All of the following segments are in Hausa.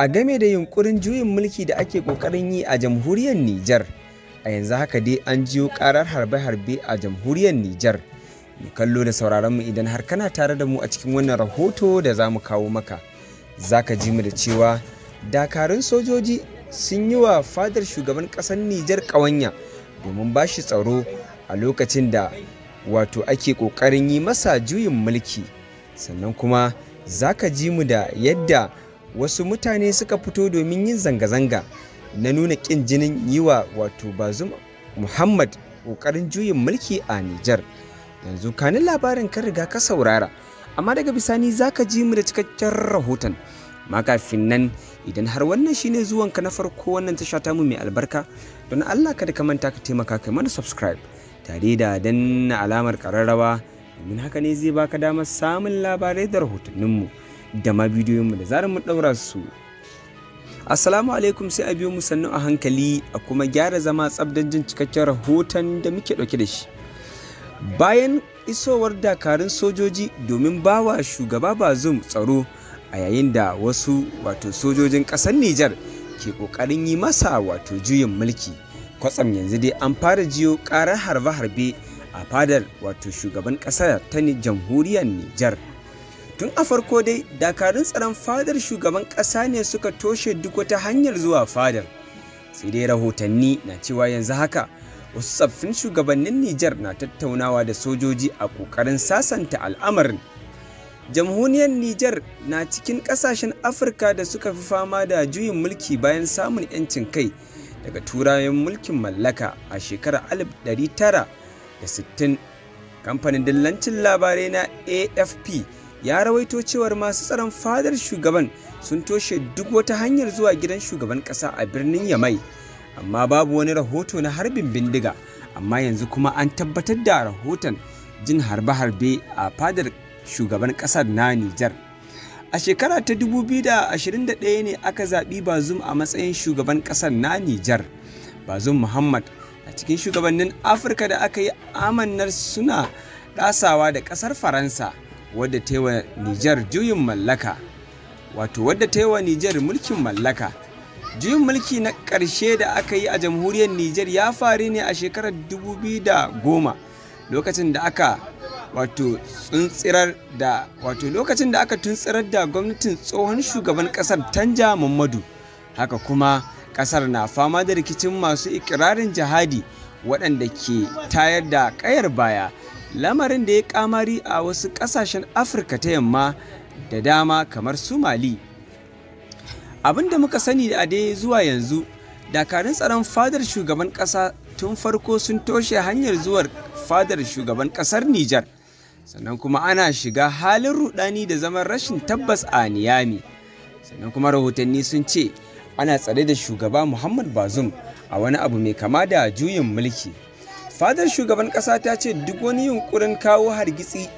a game da yunkurin juyin mulki da ake ƙoƙarin yi a jamhuriyar Nijar. A yanzu haka dai an jiyo ƙarar harbe-harbe a jamhuriyar Nijar. Mu kallo da sauraron mu idan har kana tare da mu a cikin wannan rahoto da za mu kawo maka. Za ka ji mu da cewa dakarun sojoji sun yi wa fadar shugaban ƙasar Nijar ƙawanya domin ba shi tsaro a lokacin da wato ake ƙoƙarin yi masa juyin mulki. Sannan kuma za ka ji mu da yadda wasu mutane suka fito domin yin zanga-zanga na nuna ƙin jinin yi wa wato bazum muhammad ƙoƙarin juyin mulki a nijar yanzu kanin labarin kan riga ka saurara amma daga bisani za ka ji mu da cikakken rahoton makafin nan idan har wannan shine zuwanka na farko wannan ta shata mu mai albarka don allah kada ka manta ka taimaka kai mana subscribe tare da danna alamar kararrawa domin haka ne zai baka damar samun labarai da rahotanninmu da ma bidiyoyinmu da zarar mu ɗaura su. Assalamu alaikum sai a biyo mu sannu a hankali a kuma gyara zama tsabdan jin cikakken rahoton da muke ɗauke da shi. Bayan isowar dakarun sojoji domin bawa shugaba Bazum tsaro a yayin da wasu wato sojojin ƙasar Nijar ke ƙoƙarin yi masa wato juyin mulki. Kwatsam yanzu dai an fara jiyo ƙarar harbe-harbe a fadar wato shugaban ƙasar ta jamhuriyar Nijar. tun a farko dai dakarun tsaron fadar shugaban ƙasa ne suka toshe duk wata hanyar zuwa fadar sai dai rahotanni na cewa yanzu haka wasu tsaffin shugabannin nijar na tattaunawa da sojoji a ƙoƙarin sasanta al'amarin jamhuriyar nijar na cikin ƙasashen afirka da suka fi fama da juyin mulki bayan samun 'yancin kai daga turayen mulkin mallaka a shekarar 1960 kamfanin dillancin labarai na afp ya rawaito cewar masu tsaron fadar shugaban sun toshe duk wata hanyar zuwa gidan shugaban ƙasa a birnin yamai amma babu wani rahoto na harbin bindiga amma yanzu kuma an tabbatar da rahoton jin harbe-harbe a fadar shugaban ƙasar na nijar a shekara ta 2021 ne aka zaɓi bazum a matsayin shugaban ƙasar na nijar bazum muhammad a cikin shugabannin afirka da aka yi amannar suna ɗasawa da ƙasar faransa wadda ta yi wa Nijar juyin mallaka wato wadda ta yi wa Nijar mulkin mallaka juyin mulki na ƙarshe da aka yi a jamhuriyar Nijar ya faru ne a shekarar 2010 lokacin da aka wato tsuntsirar da wato lokacin da aka tuntsirar da gwamnatin tsohon shugaban ƙasar Tanja Muhammadu haka kuma ƙasar na fama da rikicin masu ikirarin jihadi waɗanda ke tayar da ƙayar baya lamarin da ya kamari a wasu ƙasashen afirka ta yamma da dama kamar su mali abin da muka sani da dai zuwa yanzu dakarun tsaron fadar shugaban ƙasa tun farko sun toshe hanyar zuwar fadar shugaban ƙasar nijar sannan kuma ana shiga halin rudani da zaman rashin tabbas a niyami sannan kuma rahotanni sun ce ana tsare da shugaba muhammad bazum a wani abu mai kama da juyin mulki fadar shugaban ƙasa ta ce duk wani yunkurin kawo hargitsi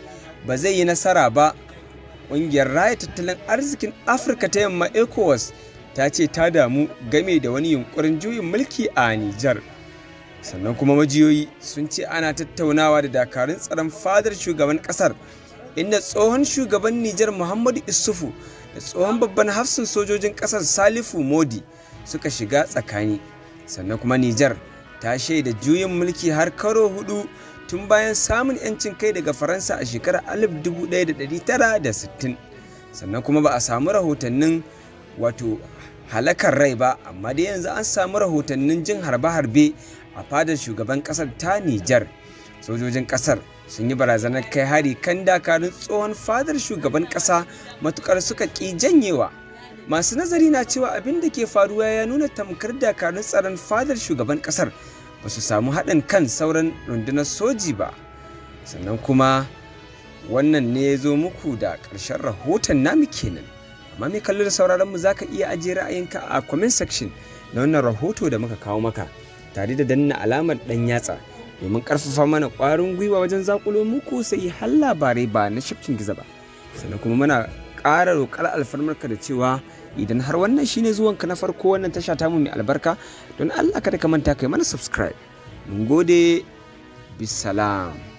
ba zai yi nasara ba ƙungiyar raya tattalin arzikin afirka ta yamma ecowas ta ce ta damu game da wani yunkurin juyin mulki a nijar sannan kuma majiyoyi sun ce ana tattaunawa da dakarun tsaron fadar shugaban ƙasar inda tsohon shugaban nijar muhammadu isufu da tsohon babban hafsin sojojin ƙasar salifu modi suka shiga tsakani sannan kuma nijar ta shaida juyin mulki har karo hudu tun bayan samun 'yancin kai daga faransa a shekarar 1960 sannan kuma ba a samu rahotannin wato halakar rai ba amma dai yanzu an samu rahotannin jin harbe-harbe a fadar shugaban kasar ta nijar sojojin kasar sun yi barazanar kai hari kan dakarun tsohon fadar shugaban kasa matukar suka ƙi janyewa masu nazari na cewa abin da ke faruwa ya nuna tamkar dakarun tsaron fadar shugaban kasar ba su samu haɗin kan sauran rundunar soji ba sannan kuma wannan ne ya zo muku da ƙarshen rahoton namu kenan amma mai kallo da sauraron mu za ka iya ajiye ra'ayinka a comment section na wannan rahoto da muka kawo maka tare da danna alamar ɗan yatsa domin karfafa mana kwarin gwiwa wajen zakulo muku sai har labarai ba na shafcin gizo ba sannan kuma muna ƙara roƙar alfarmarka da cewa idan har wannan shine zuwanka na farko wannan tasha tamu mai albarka don allah kada ka manta kai mana subscribe mun gode bisalam